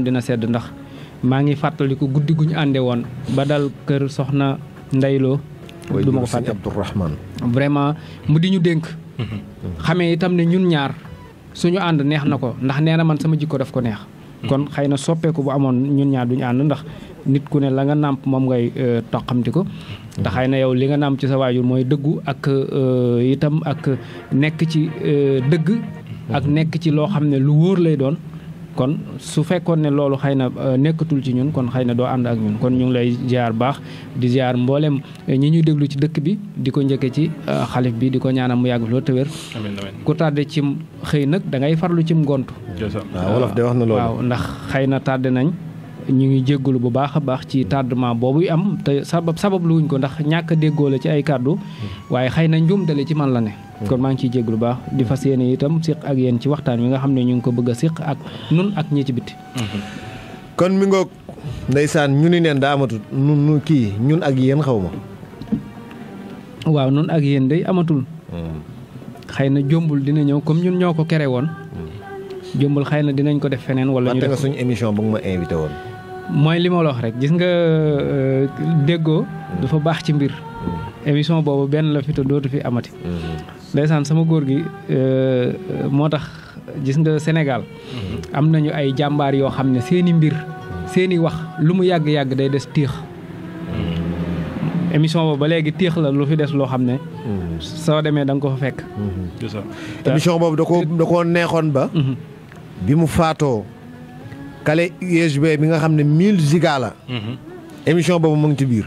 dina sedd ndax maa ngi fàttaliku guddi guñ ànde woon ba dal kër soxna Ndeyloo du ma ko fàtte Abdourahman vraiment mu di ñu dénk mhm. xamee itam ne ñun ñaar suñu ànd neex na ko ndax nee na man sama jikko def ko neex mhm. kon xëy na soppeeku bu amoon ñun ñaar duñu ànd ndax nit ku ne la nga nàmp moom ngay euh, toqamti ko mhm. te xay na yow li nga nàmp ci sa waajur mooy dëggu ak euh, itam ak nekk ci euh, dëgg ak nekk ci loo xam ne lu wóor lay doon kon su fekkoon ne loolu xëy na euh, nekkatul ci ñun kon xëy na doo ànd ak ñun kon ñu ngi lay ziar baax di ziar mboolem euh, ñi ñu déglu ci dëkk bi di ko njëkke ci euh, xalif bi di ko ñaanal mu yàgg loolu te wér ku tardé cim xëy nag da ngay farlu cim ngont waaw ah, wolof de wax na loolu ndax xëy na tardé nañ ñu ngi jégalu bu baax a baax ci tardement boobu am te sabab sababluwuñ ko ndax ñàkk a la ci ay kàddu waaye xëy na njuumtale ci man la ne. kon maa ngi ciy jégalu baax di fas yéene itam siq ak yéen ci waxtaan wi nga xam ne ñu ngi ko bëgg a siq ak nun ak ñi ci bitti. kon mi ngoog ndeysaan ñu ni neen daa amatul nun kii ñun ak yéen xaw ma. waaw nun ak yéen day amatul. Hmm. xëy na jombul dina ñëw comme ñun ñoo ko kere woon. Hmm. jombul xëy na dinañ ko def feneen. wala ñu suñu émission bu invité woon. mooy li ma la wax rek gis nga euh, déggoo dafa baax ci mbir émission boobu benn la fi te dootu fi amati mm-hmm. ndeysaan sama góor gi euh, moo tax gis nga Sénégal mm-hmm. am nañu ay jàmbaar yoo xam ne seeni mbir seeni wax lu mu yàgg-yàgg day des téex mm-hmm. émission boobu ba léegi téex la lu fi des loo xam ne soo demee danga ko fa fekk euh, émission boobu da ko neexoon ba bi mu faatoo clé USB bi nga xam ne 1000 giga la. Mhm. émission boobu mu ngi ci biir.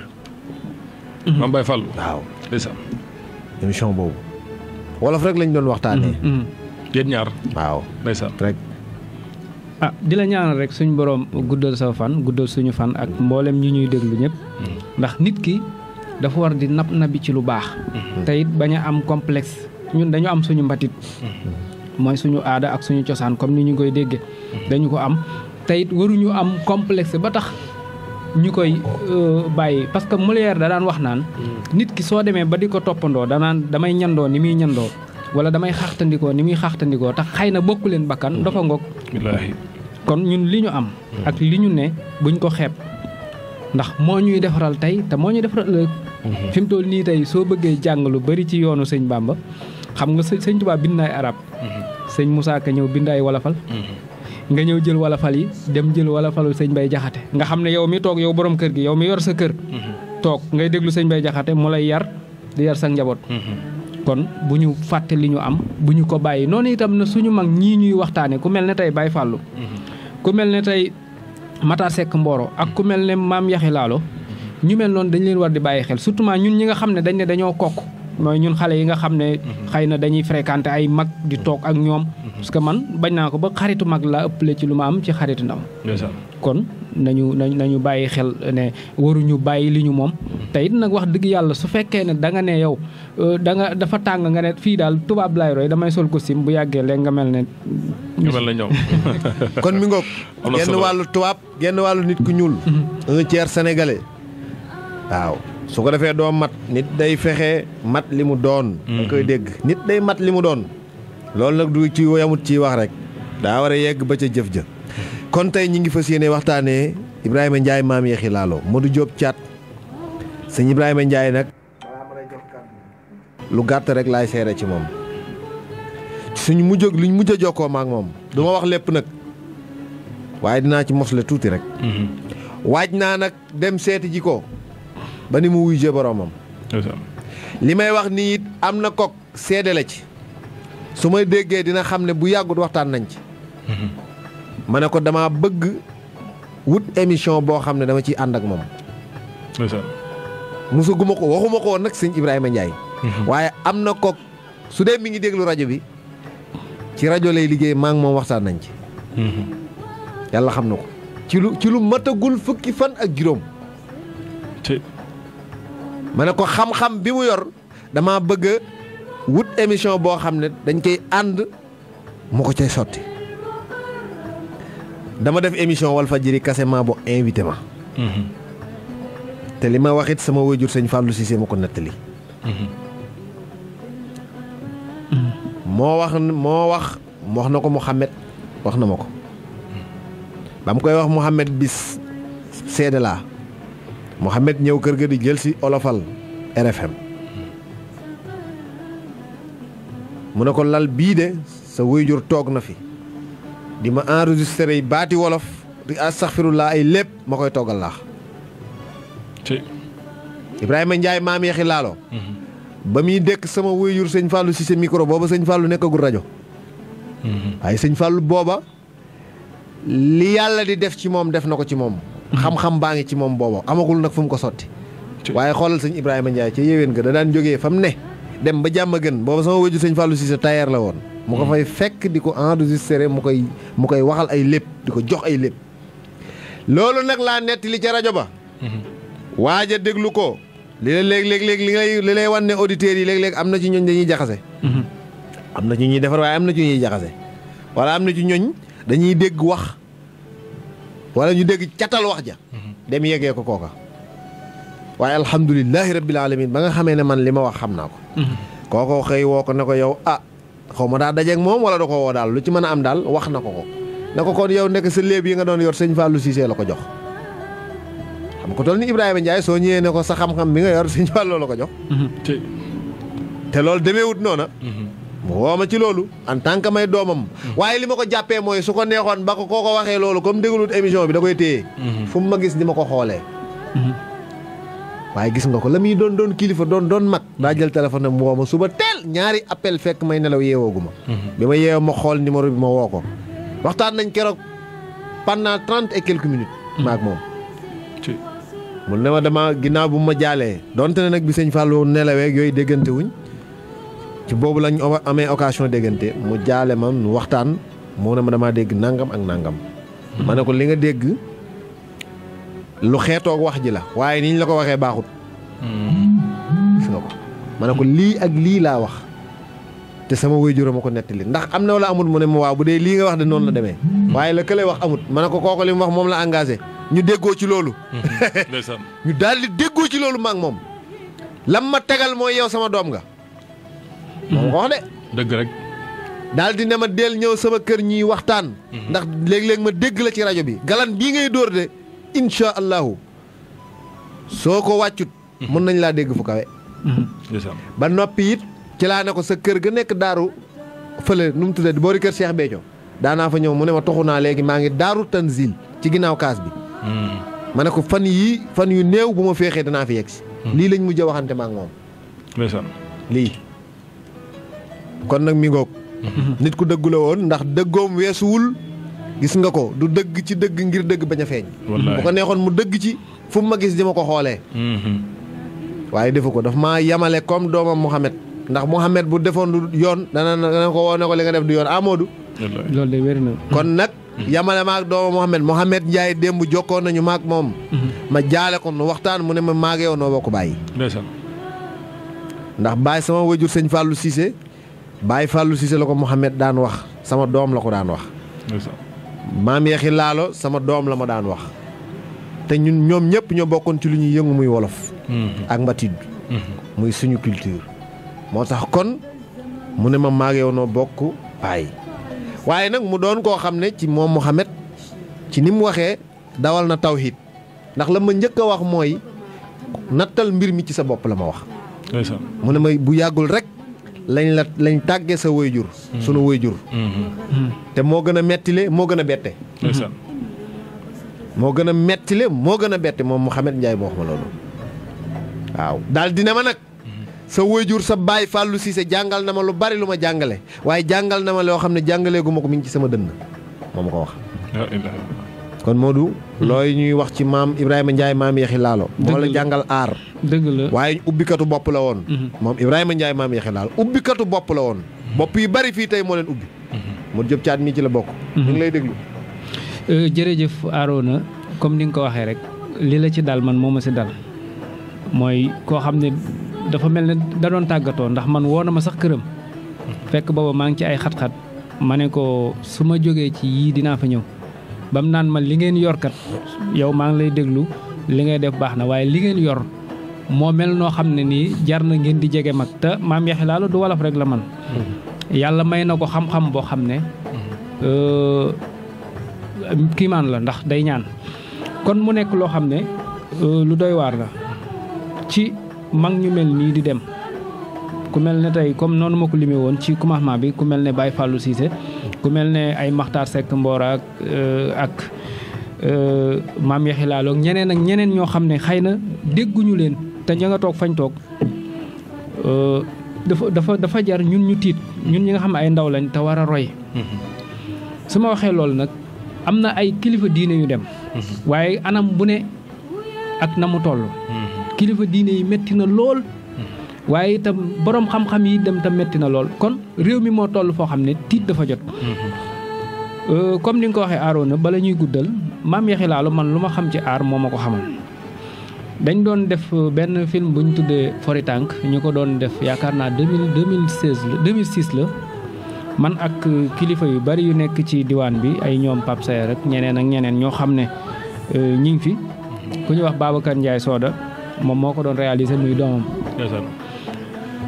Mhm. Mame Baye Fallou waaw. ndeysaan émission boobu. wolof rek lañ doon waxtaanee. Mhm. yéen ñaar. waaw ndeysaan rek. ah di la ñaanal rek suñu boroom guddal sa fan guddal suñu fan ak mboolem ñi ñuy déglu ñëpp. ndax nit ki dafa war di nab nabi ci lu baax. te bañ a am complexe ñun dañu am suñu mbatit. mooy suñu aada ak suñu cosaan comme ni ñu koy déggee. dañu ko am te waruñu am complexe ba tax ñu koy euh, bàyyi parce que Molière da daan wax naan. Mm. nit ki soo demee ba di ko toppandoo danaan damay ñandoo ni muy ñandoo wala damay xaxtandikoo ni muy xaxtandikoo tax xëy na bokk leen bakkan mm. dafa ngoog. kon ñun li ñu am. Mm. ak li ñu ne buñ ko xeeb ndax moo ñuy defaral tey te moo ñu defaral ëllëg. Mm-hmm. fi mu toll nii tey soo bëggee jàng lu bari ci yoonu sëñ Bamba xam nga sëñ Tuubaa bind na ay arab mm-hmm. sëñ Moussa Ka ñëw bind ay wolofal. Mm-hmm. nga ñëw jël wala fal yi dem jël wala falu sañ bay jaxate nga xam ne yow mi toog yow borom kër gi yow mi yor sa kër mm-hmm. toog ngay déglu sañ bay jaxate moo lay yar di yar sa njaboot mm-hmm. kon bu ñu fàtte li ñu am bu ñu ko bàyyi noonu itam na suñu mag ñii ñuy waxtaane ku mel ne tay Baye Fallou mm-hmm. ku mel ne tey Matar Seck Mboro ak ku mel ne maam Yaxi Laalo ñu mel noonu dañ leen war di bàyyi xel surtout ñun ñi nga xam ne dañ ne dañoo kokk mooy ñun xale yi nga xam ne mhm. xëy na dañuy fréquenté ay mag di toog ak ñoom mhm. parce que man bañ naa ko ba xaritu mag laa ëppale ci lu ma am ci xaritu ndaw kon nañu nañu bàyyi xel ne waruñu bàyyi li ñu moom mhm. tey nag wax dëgg yàlla su fekkee ne da nga ne yow euh, da nga dafa tàng nga ne fii daal tubaab laay roy damay sol costume bu yàggee léegi nga mel ne kon mi ngoog genn wàllu tubaab genn wàllu nit ku ñuul un tiers sénégalais waaw su ko defee doo mat nit day fexe mat li mu doon mm-hmm. da koy dégg nit day mat li mu doon loolu nag du ci yamut ciy wax rek daa war a yegg ba ca jëf ja kon tey ñi ngi fas yéene waxtaanee Ibrahima njaay maam yeexi laaloo Modou Diop Thiat sëñ Ibrahima njaay nag lu gàtt rek laay seere ci moom suñ mujj luñ mujj a jokkoo maak moom du ma wax lépp nag waaye dinaa ci mosle tuuti rek mm-hmm. waaj naa nag dem seeti ji ko ba ni mu wuy jee li may wax nii it am na kook seede la ci su may déggee dina xam ne bu yàggut waxtaan nañ ci mm-hmm. ma ne ko dama bëgg wut émission boo xam ne dama ciy ànd ak moom musaguma ko waxuma ko woon nag sëñ Ibrahima Ndiaye mm-hmm. waaye am na kook su dee mi ngi déglu rajo bi ci rajo lay liggéey maa ngi moom waxtaan nañ ci mm-hmm. yàlla xam na ko ci lu ci lu matagul fukki fan ak juróom ma ne ko xam-xam bi mu yor dama bëgg wut émission boo xam ne dañ koy ànd mu ko cay sotti dama def émission Walfadjri kasema bu invité ma te li ma waxit sama wajur sëñ Fallou Cissé ma ko nettali moo wax moo wax na ko Mouhamed wax na ma ko ba mu koy wax Mouhamed bis seede laa Mouhamed ñëw kër ga di jël si olofal RFM mu ne ko lal bii de sa wuyjur toog na fi di ma enregistré yi baati wolof di astaxfirullaa ay lépp ma koy toggal laax Ibrahima Ndiaye maam yaxi laalo mhm. ba muy dekk sama wuyjur sëñ Fallou si sa micro booba sëñ Fallou nekkagul rajo mhm. waaye sëñ Fallou booba li yàlla di def ci moom def na ko ci moom xam-xam baa ngi ci moom booba amagul nag fu mu ko sotti waaye xoolal sëñ Ibrahima Ndiaye ca yéwén ga da daan jógee fa mu ne dem ba jàmm gën booba sama wëju sëñ Fallou Cissé tailleur la woon mu ko mm. fay fekk di ko enregistré mu koy mu koy waxal ay lépp di ko jox ay lépp loolu nag laa netti li ca rajo ba mm-hmm. waaja déglu ko li la léeg-léeg léeg li lay li lay wan ne auditeurs yi léeg-léeg am na ci ñooñ dañuy jaxase mm-hmm. am na ci ñuy defar waaye am na ci ñuy jaxase dañuy dégg wax wala ñu dégg catal wax ja mhm. dem yegee ko kooka waaye alhamdulilahi rabbil alamin ba nga xamee ne man li ma wax xam naa ko mhm. kooko xëy woo ko ne ko yow a ah, xaw ma daa dajeeg moom wala da ko woo daal lu ci mën a am daal wax na ko ko na ko kon yow nekk sa léeb yi nga doon yor sëñ Fallou Cissé la ko jox xam ko toll ni Ibrahima Ndiaye soo ñëwee ne ko sa xam-xam bi nga yor sëñ Fallou la ko jox mhm. te loolu demeewut noona mu woo ma ci loolu en tant que may doomam. waaye li ma ko jàppee mooy su ko neexoon ba ko koo ko waxee loolu comme dégluwut émission bi da koy téye. Mhm. fu mu ma gis ni ma ko xoolee. Mhm. waaye gis nga ko la muy doon doon kilifa doon doon mag. daa mhm. jël téléphone am woo ma suba teel ñaari appel fekk may nelaw yeewoogu ma. bi ma yeewoo ma xool numéro bi ma woo ko. waxtaan nañ keroog pendant trente et quelques minutes. maak moom. mun ne ma dama ginnaaw bu ma jaalee. donte ne nag bi sëñ Fallou nelawee yooyu déggante ci boobu lañ amee occasion déggante mu jaale ma nu waxtaan moo ne ma damaa dégg nangam ak nangam. ma ne ko li nga dégg lu xeetoog wax ji la waaye ni la ko waxee baaxut. Hmm. gis nga ko ne ko lii ak lii laa wax te sama waajur ma ko li ndax am na wala amut mu ne ma waaw bu dee lii nga wax de noonu la demee. Hmm. waaye la kële wax amut ma ne ko kooku li mu wax moom la engagé. ñu déggoo ci loolu. Hmm. ñu daal di déggoo ci loolu ma moom. lam ma tegal moo yow sama doom nga. moom mhm. ko wax de. dëgg rek. daal di ne ma del ñëw sama kër ñiy waxtaan. Mhm. ndax léeg-léeg ma dégg la ci rajo bi. galan bii ngay dóor de incha allahu soo ko wàccut. Mhm. mën nañ laa dégg fu kawe. ba noppi it ci laa ne ko sa kër ga nekk daaru fële nu mu tuddee di boori kër Cheikh Béthio daanaa fa ñëw mu ne ma toxu naa léegi maa ngi daaru tanzil ci ginnaaw kaas bi. ma ne ko fan yii fan yu néew bu ma féexee danaa fi yegg si. lii lañ mujj waxante ma ak moom. lii. kon nag mi nit ku dëggu la woon ndax dëggoom weesuwul gis nga ko du dëgg ci dëgg ngir dëgg bañ a feeñ bu ko neexoon mu dëgg ci fu mu ma gis di ma ko xoolee mm-hmm. waaye defu ko daf maa yamale comme doomam Mouhamed ndax Mouhamed bu defoon du yoon dana dana ko woo ne ko li nga def du yoon Amadou ah, loolu kon nag yamale maag doomam Mouhamed Mouhamed Ndiaye démb jokkoon nañu maag moom mm-hmm. ma jaale ko nu waxtaan mu ne ma maag yow noo bokk bàyyi ndax bàyyi sama wajur sëñ Fallou Cissé Baye Fallou Cissé la ko Mouhamed daan wax sama doom la ko daan wax. maam yeexi laalo sama doom la ma daan wax. te ñun ñoom ñëpp ñoo bokkoon ci lu ñuy yëngu muy wolof. Mhm. ak mbatid. Mhm. muy suñu culture. moo tax kon mu ne ma maag yow bokk baay. waaye nag mu doon koo xam ne ci moom Mouhamed ci ni mu waxee dawal na taw tawhid ndax la ma njëkk a wax mooy nattal mbir mi ci sa bopp la ma wax. mu ne ma bu yàggul rek lañ la lañ tàggee sa wayjur mm-hmm. sunu wayjur mm-hmm. te moo gën a mettile moo gën a bette moo gën a mettile moo gën a bette moom Mouhamed Ndiaye moo wax ma loolu waaw daal dina ma nag mm-hmm. sa wayjur sa baay Fallou Cissé jàngal na ma lu bari lu ma jàngale waaye jàngal na ma loo xam ne jàngalee ma ko mi ci sama dënn moom ko wax kon Modou looy ñuy wax ci maam ibraahima Ndiaye maam Yaxi Laalo moo la jàngal aar dëgg la waaye ubbikatu bopp la woon. Mhm. moom Ibrahima Ndiaye maam yexe daal ubbikatu bopp la woon. Mhm. bopp yu bari fii tey moo leen ubbi. mu jub caat mii ci la bokk. Mhm. ñu ngi lay déglu. Euh, jërëjëf Arona comme ni nga ko waxee rek li la ci dal man moo ma si dal mooy koo xam ne dafa mel ne da doon tàggatoo ndax man woo na ma sax këram. fekk booba maa ngi ci ay xat-xat ma ne ko su ma jógee ci yii dinaa fa ñëw bam naan ma li ngeen yorkat yow maa ngi lay déglu li ngay def baax na waaye li ngeen yor moo mel noo xam ne nii jar na ngeen di jege mag te maam Yaxya Laalo du wolof rek la man yàlla may na ko xam-xam boo xam ne euh, kiimaan la ndax day ñaan kon mu nekk loo xam ne euh, lu doy waar la ci mag ñu mel nii di dem ku mel ne tey comme noonu ma ko limee woon ci commencement bi ku mel ne baay Fallou Cissé ku mel ne ay Makhtar Seck Mbora ak euh, maam Yaxya ñeneen ak ñeneen ñoo xam ne xëy na dégguñu leen te jangatoog fañ toog euh, dafa dafa dafa jar ñun ñu tiit ñun ñi nga xam ay ndaw lañ te war a roy. Mm-hmm. su ma waxee loolu nag am na ay kilifa diine yu dem. Mm-hmm. waaye anam bu ne ak na mu toll. Mm-hmm. kilifa diine yi metti na lool. waaye itam boroom xam-xam yi dem tam metti na lool kon réew mi moo toll foo xam ne tiit dafa jot. Euh, comme ni nga ko waxee aaroon na bala ñuy guddal maam yaxi laalu man lu ma xam ci aar moo ma ko xamal. dañ doon def euh, benn film bu ñu tuddee Fori Tànk ñu ko doon def yaakaar naa 2000 2016 la 2006 la man ak euh, kilifa yu bari yu nekk ci diwaan bi ay ñoom Pape rek ñeneen ak ñeneen ñoo xam ne euh, ñi ngi fi ku ñu wax Babacar Ndiaye Soda moom moo ko doon réaliser muy doomam.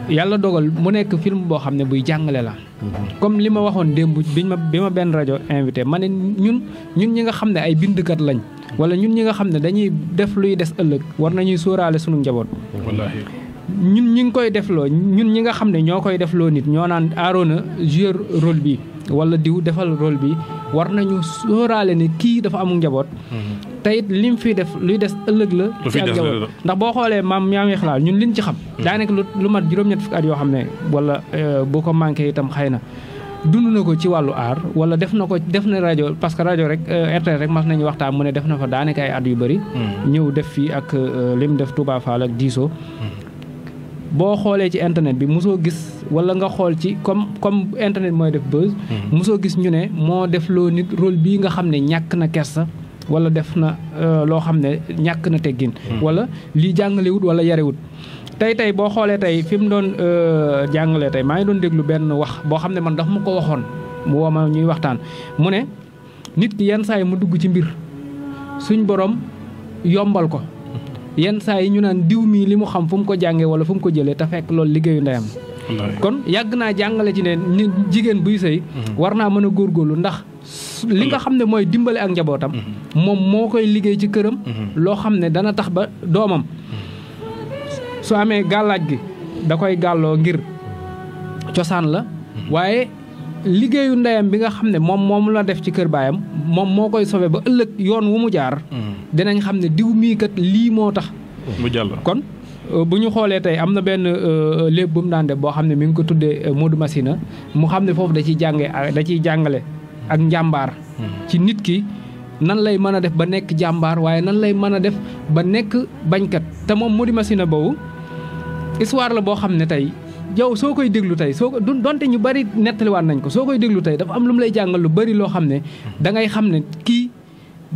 yàlla dogal mu nekk film boo xam ne buy jàngale la. Mhm. comme li ma waxoon démb bi ma bi benn rajo invité ma ne ñun ñun ñi nga xam ne ay bindkat lañ. wala ñun ñi nga xam ne dañuy def luy des ëllëg war nañuy sóoraale sunu njaboot. ñun ñi ngi koy defloo ñun ñi nga xam ne ñoo koy defloo nit ñoo naan aaroon na jouer rôle bi wala diw defal rôle bi war nañu sóoraale ne kii dafa amul njaboot. Mhm. te it lim fi def luy des ëllëg la. ci ak njaboot ndax boo xoolee maam yaa ngi xalaat ñun liñ ci xam. Mhm. daanaka lu lu mat juróom-ñett fukki at yoo xam ne wala euh, bu ko manqué tam xay na. dund na ko ci wàllu aar wala def na ko def na rajo parce que rajo rek euh, RTS rek mas nañu waxtaan mu ne def na fa daanaka ay at yu bari mhm. ñëw def fii ak euh, lim def Touba Fall ak diisoo. boo xoolee ci internet bi mosoo gis wala nga xool ci comme comme internet mooy def buzz. Hmm. mosoo gis ñu ne moo def loo nit rôle bii nga xam ne ñàkk na kersa wala def na euh, loo xam ne ñàkk na teggin. Hmm. wala lii jàngalewut wala yarewut tey tey boo xoolee tey fi mu doon euh, jàngalee tey maa ngi doon déglu benn wax boo xam ne man dafa mu ko waxoon mu woo ma ñuy waxtaan mu ne nit ki yenn saa yi mu dugg ci mbir suñ borom yombal ko. yenn saa yi ñu naan diw mii li mu xam fu mu ko jàngee wala fu mu ko jëlee te fekk loolu liggéeyu ndeyam kon yàgg naa jàngale ci ne nit jigéen buy sëy mhm. war naa mën a góorgóorlu ndax li nga xam ne mooy dimbale ak njabootam mhm. moom moo koy liggéey ci këram mhm. loo xam ne dana tax ba doomam su amee gàllaaj gi da koy gàlloo ngir cosaan la waaye liggéeyu ndeyam bi nga xam ne moom moom la def ci kër baayam moom moo koy sauvé ba ëllëg yoon wu mu jaar. Hmm. dinañ xam ne diw mii lii moo tax. kon euh, bu ñu xoolee tey am na benn euh, léeb bu mu def boo xam ne mi ngi ko tuddee euh, Modou Massina mu xam ne foofu da ciy jànge da ciy jàngale ak njàmbaar. Hmm. ci nit ki nan lay mën a def ba nekk jàmbaar waaye nan lay mën a def ba nekk bañkat te moom Modou Massina boobu histoire la boo xam ne tey. yow soo koy déglu tey soo ko donte ñu bari nettaliwaat nañ ko soo koy déglu tey dafa am lu mu lay jàngal lu bari loo xam ne da ngay xam ne kii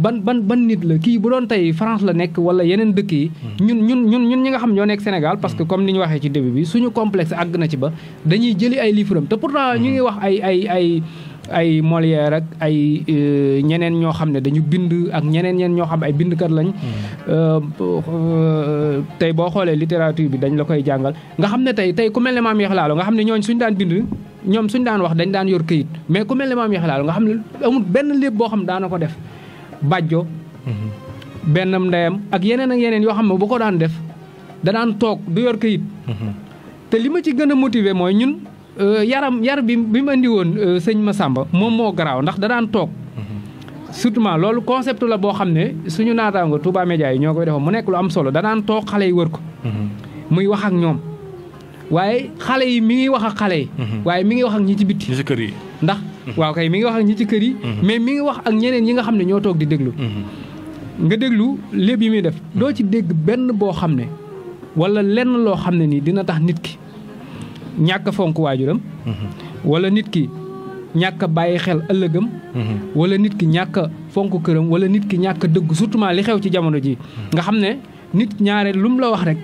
ban ban ban nit la kii bu doon tey France la nekk wala yeneen dëkk yi. Hmm. ñun ñun ñun ñun ñi nga xam ñoo nekk Sénégal parce que hmm. comme ni ñu waxee ci début bi suñu complexe àgg na ci ba dañuy jëli ay livre am te pourtant ñu hmm. ngi wax ay ay ay. ay Molière rek ay euh, ñeneen ñoo xam ne dañu bind ak ñeneen ñeen ñoo xam ay bind bindkat lañ. Hmm. Euh, euh, tey boo xoolee littérature bi dañ la koy jàngal nga xam ne tey tey ku mel ne maam nga xam ne ñooñ suñu daan bind. ñoom suñ daan wax dañ daan yor këyit mais ku mel ne maam nga xam ne amul benn lépp boo xam daana ko def bàjjo. Hmm. benn ndeyam ak yeneen ak yeneen yoo xam ne bu ko daan def da daan toog du yor këyit. Hmm. te li ma ci gën a motiver mooy ñun. Euh, yaram yar bi bi mu andi woon euh, sëñ Massamba moom moo garaaw ndax da daan toog. surtout loolu concept la boo xam ne suñu naataango Touba Média yi ñoo koy defoon mu nekk lu am solo da daan toog xale yi wër ko. muy wax ak ñoom. waaye xale yi mi ngi wax ak xale yi. waaye mi ngi wax ak ñi ci bitti. ñi kër yi ndax. waaw kay mi ngi wax ak ñi ci kër yi. mais mi ngi wax ak ñeneen ñi nga xam ne ñoo toog di déglu. nga déglu lépp yi muy def. doo ci dégg benn boo xam ne wala lenn loo xam ne nii dina tax nit ki. ñàkk a fonk waajuram wala nit ki ñàkk bàyyi xel ëllëgam wala nit ki ñàkk fonk këram wala nit ki ñàkk a dëgg surtout li xew ci jamono ji nga xam ne nit ñaare lu mu la wax rek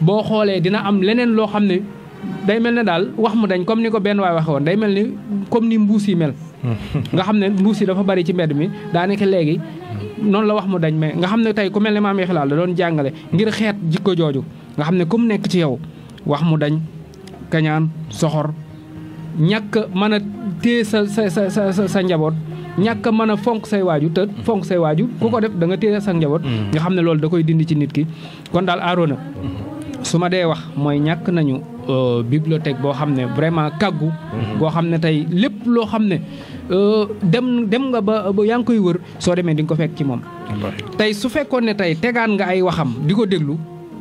boo xoolee dina am leneen loo xam ne day mel ne daal wax mu dañ comme ni ko benn waay waxe woon day mel ni comme ni mbuus yi mel nga xam ne mbuus yi dafa bari ci mbedd mi daanaka léegi noonu la wax mu dañ mais nga xam ne tey ku mel ne maam Yaxlaal da doon jàngale ngir xeet jikko jooju nga xam ne comme nekk ci yow kañaan soxor ñàkk mën a téye sa sa sa sa sa njaboot ñàkk mën a fonk say waaju te mm. fonk say waaju ku ko def da nga téye sa njaboot. Mm. nga xam ne loolu da koy dindi ci nit ki kon daal Arona mm-hmm. su ma dee wax mooy ñàkk nañu euh, bibliothèque boo xam ne vraiment kàggu goo mm-hmm. xam ne tey lépp loo xam ne euh, dem dem nga ba yaa ngi koy wër soo demee di nga ko fekk ci moom tey su fekkoon ne tey tegaan nga ay waxam di ko déglu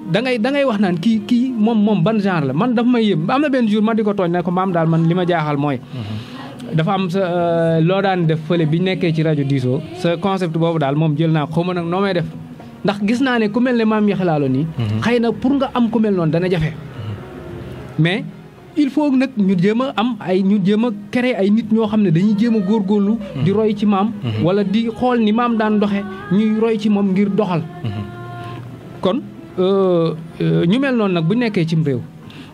da ngay da ngay wax naan kii kii moom moom ban genre la man dafa may yëb am na benn jour ma di ko tooñ ne ko maam daal man li ma jaaxal mooy. Mhm. dafa am sa euh, loo daan def fële bi nekkee ci rajo diisoo sa concept boobu daal moom jël naa xaw ma nag noo may def ndax gis naa ne ku mel ne maam yaxalaalo nii. Mhm. xëy na pour nga am ku mel noonu dana jafe. Mhm. mais il faut nag ñu jëm a am ay ñu jéem a créer ay nit ñoo xam ne dañuy jéem a góorlu di roy ci maam. wala di xool ni maam daan doxe ñuy roy ci moom ngir doxal. Euh, euh, ñu mel noonu nag bu nekkee cim réew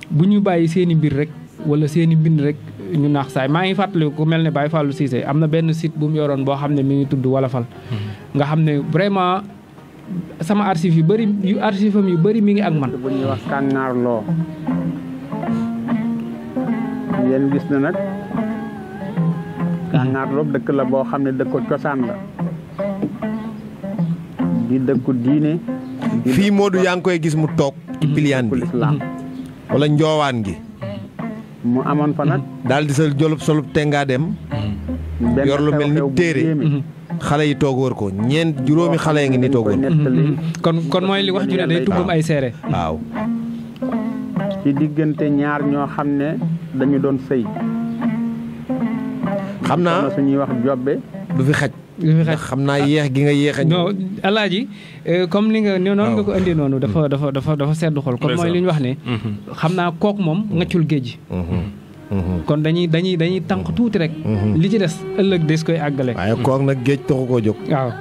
bu ñu bàyyi seeni i mbir rek wala seeni i mbind rek ñu naax saay maa ngi fàttali ku mel ne baay Fallou Cissé am na benn site bu mu yoroon boo xam ne mi ngi tudd Walafal hmm. nga xam ne vraiment sama arsif yu bëri yu archive yu bari mi ngi ak man. bu ñuy wax kànnaar loo yéen gis na nag kànnaar loo dëkk la boo xam ne dëkku cosaan la di dëkku diine. fii Modou yaa ngi koy gis mu toog ci piliyaan bi wala njoowaan gi mu amoon fa nag daal di sa jolub solub tengaa dem yor lu mel ni téere xale yi toog wër ko ñeent juróomi xale yi ngi ni toog wër kon kon mooy li wax ju ne tuggum ay seere waaw ci diggante ñaar ñoo xam ne dañu doon sëy xam naa suñuy wax jobbe du fi xaj ndax xam naa yéex gi nga yéex a. non alaaji euh, comme li nga noonu nga ko indi noonu. Mm-hmm. dafa dafa dafa dafa sedd xol. comme mooy li ñu wax ne. Mm-hmm. xam naa kook moom ngëccul mm-hmm. géej. Mhm. kon dañuy dañuy dañuy tànq tuuti rek. Mhm. li ci des ëllëg des koy àggale. waaye koor na géej taxu koo jóg. waaw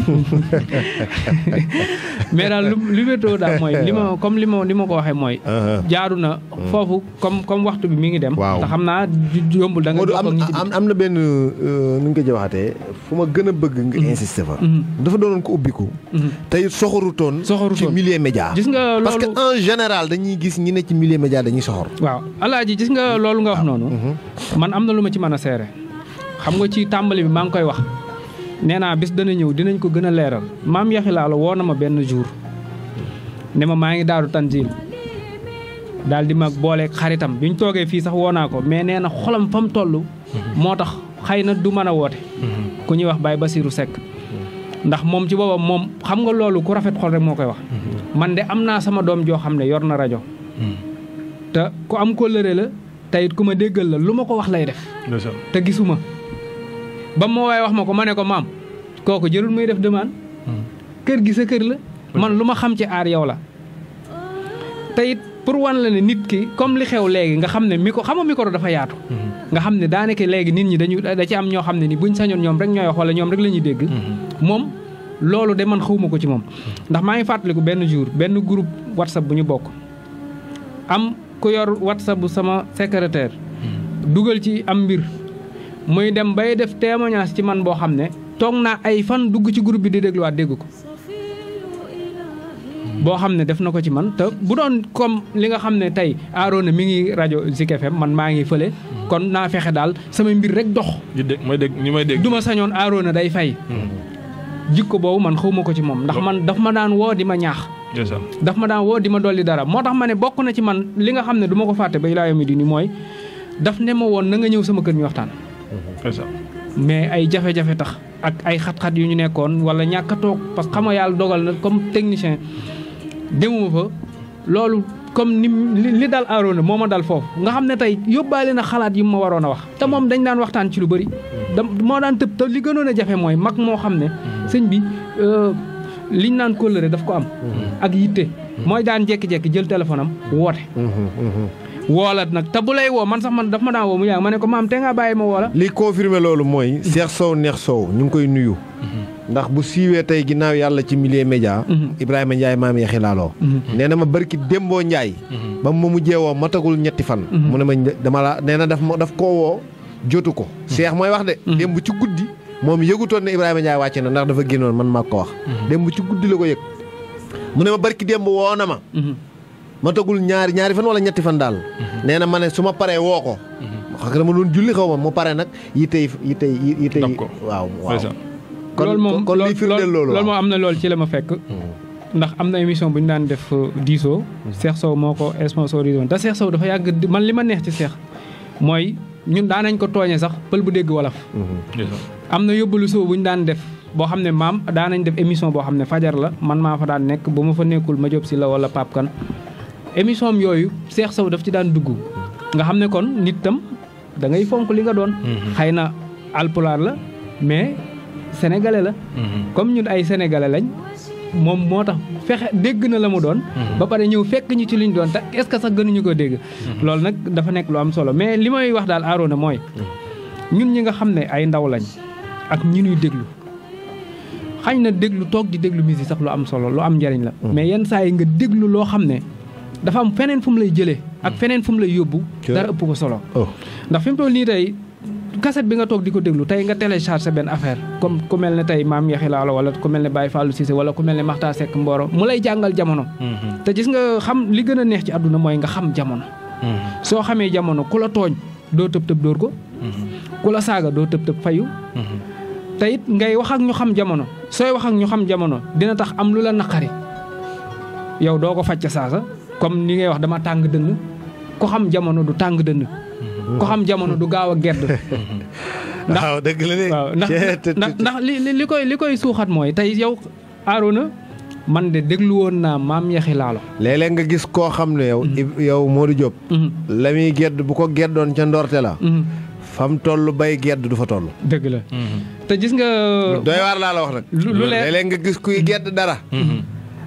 mais daal lu lu daal mooy li ma comme li ma li ma ko waxee mooy. Uh-huh. jaaru na mm. foofu comme comme waxtu bi mi ngi dem. waaw te xam naa yombul da nga. am am na benn euh, nu ngi ko jawaatee fu ma gën a bëgg nga mm-hmm. insister fa. Mm-hmm. dafa doonoon ko ubbiku. Mm-hmm. tey soxorutoon. soxorutoon ci milieu média. gis nga loolu parce dañuy gis ñi ne ci milieu média dañuy soxor. nga loolu wax noonu. Mhm. man am na lu ma ci mën a seere. xam nga ci tàmbali bi maa ngi koy wax nee naa bis dana ñëw dinañ ko gën a leeral maam yaxi laalo woo na ma benn jour ne ma maa ngi daaru tanzil daal di mag booleeg xaritam bi ñu toogee fii sax woo naa ko mais nee na xolam fa mu toll. moo tax xëy na du mën a woote. Mhm. ku ñuy wax Baye Basirou Seck. ndax moom ci boobam moom xam nga loolu ku rafet xol moo koy wax. Mhm. man de am naa sama doom joo xam ne yor na rajo. te ku am kóllëre la tayit ku ma déggal la lu ma ko wax lay def. te gisuma ba ma waaye wax ma ko ma ne ko maam kooku jëlul muy def demande. Hmm. kër gi sa kër la. Hmm. man lu ma xam ci aar yow la. tayit pour wan la ne nit ki comme li xew léegi nga xam ne micro xam nga micro dafa yaatu. Hmm. nga xam ne daanaka léegi nit ñi dañu da ci am ñoo xam ne ni buñ sañoon ñoom rek ñooy wax wala ñoom rek la ñuy dégg. moom loolu de man xawuma ko ci moom. ndax maa ngi fàttaliku benn jour benn groupe whatsapp bu ñu bokk ku yor whatsapp bu sama secrétaire dugal ci am mbir muy dem bay def témoignage ci man boo xam ne toog naa ay fan dugg ci groupe bi di dégluwaat dégg ko boo xam ne def na ko ci man te bu doon comme li nga xam ne tey Arona mi ngi rajo Zik man maa ngi fële kon naa fexe daal sama mbir rek dox du ma sañoon aaroona day fay hmm. jikko boobu man xawma ko ci moom ndax man daf ma daan woo di ma ñaax daf ma daan woo di ma dolli dara moo tax ma ne bokk na ci man li nga xam ne du ko fàtte ba ilaa yawmi diini mooy daf ne ma woon na nga ñëw sama kër ñu waxtaan. Mm-hmm. mais ay jafe-jafe tax ak ay xat-xat yu ñu nekkoon wala ñàkk a toog parce que xam nga yàlla dogal na comme technicien demuma fa loolu. comme ni li dal aaroon moo ma dal foofu nga xam ne tey yóbbaale na xalaat yi ma waroon a wax te moom dañ daan waxtaan ci lu bëri mm-hmm. da moo daan tëb te li gënoon jafe mooy mag moo xam ne mm-hmm. sëñ bi euh, liñ naan kóllëre daf ko am. Mm-hmm. ak yitte. Mm-hmm. mooy daan jékki-jékki jël téléphone am woote. Mm-hmm. woolat nag te bu lay woo man sax man daf ma daan woo mu yàgg ma ne ko maam te ngaa bàyyi ma woola. li confirmé loolu mooy. Seex Sow Neex Sow ñu ngi koy nuyu. ndax bu siiwee tey ginnaaw yàlla ci milieu média Ibrahima Ndiaye maam yaxi laaloo nee na ma barki démboo Ndiaye ba mu mujjee woo ma tagul ñetti fan mu ne ma dama la nee na daf daf koo woo jotu ko seex mooy wax de démb ci guddi moom yëgutoon ne Ibrahima Ndiaye wàcc na ndax dafa génnoon man maa ko wax. Mhm. démb ci guddi la ko yëg. mu ne ma barki démb woo na ma. Mhm. ma tagul ñaari ñaari fan wala ñetti fan daal. Mhm. nee na ma ne su ma paree woo ko. xam nga dama doon julli xaw ma mu pare nag yi tey yi tey yi tey. waaw waaw kon moom kon li firndeel loolu loolu moo am na loolu ci la ma fekk. ndax am na émission bu ñu daan def euh, diisoo. Cheikh Sow moo ko sponsorisé woon te Cheikh Sow dafa yàgg man li ma neex ci Cheikh mooy. ñun daan nañ ko tooñee sax pël bu dégg wolof mm-hmm. am na yóbbalu suba bu ñu daan def boo xam ne maam daan nañ def émission boo xam ne fajar la man maa fa daan nekk bu ma fa nekkul ma job si la wala Pape Kane émission yooyu Cheikh Sow def ci daan duggu nga xam ne kon nit tam da ngay fonk li nga doon mm-hmm. xëy na alpulaar la mais sénégalais la mm-hmm. comme ñun ay sénégalais lañ moom moo tax fexe dégg na la mu doon. Mhm. ba pare ñëw fekk ñu ci liñ doon te est-ce que sax gënuñu ko dégg. Mhm. loolu nag dafa nekk lu am solo mais li may wax daal Arona mooy. Mhm. ñun ñi nga xam ne ay ndaw lañ ak ñi ñuy déglu. xañ na déglu toog di déglu si sax lu am solo lu am njariñ la. mais yenn saa yi nga déglu loo xam ne dafa am feneen fu mu lay jëlee. ak feneen fu mu lay yóbbu. dara ëpp ko solo. Oh. ndax fi mu nii tey kaset bi nga toog di ko déglu tey nga téléchargé benn affaire comme ku mel ne tey maam Yaxi Laalo wala ku mel ne Baye Fallou Cissé wala ku mel ni Makhtar Seck Mboro mu lay jàngal jamono. Mm-hmm. te gis nga xam li gën a neex ci àdduna mooy nga xam jamono. Mm-hmm. soo xamee jamono ku la tooñ doo tëb tëb dóor ko. Mm-hmm. ku la saaga doo tëb tëb fayu. te ngay wax ak ñu xam jamono sooy wax ak ñu xam jamono dina tax am lu la naqari yow doo ko faj ca saasa comme ni ngay wax dama tàng dënn ku xam jamono du tàng dënn. ko xam jamono du gaaw a gedd ndax waaw dëgg la waaw ndax li koy li koy suuxat mooy tey yow Arouna man de déglu woon naa maam yaxi laalo léeg nga gis koo xam ne yow mm-hmm. moo di Diop mm-hmm. la muy gedd bu ko geddoon ca ndorte la mm-hmm. fam toll bay gedd du fa toll dëgg la te gis nga doy waar laa wax nag lu léeg nga gis kuy gedd dara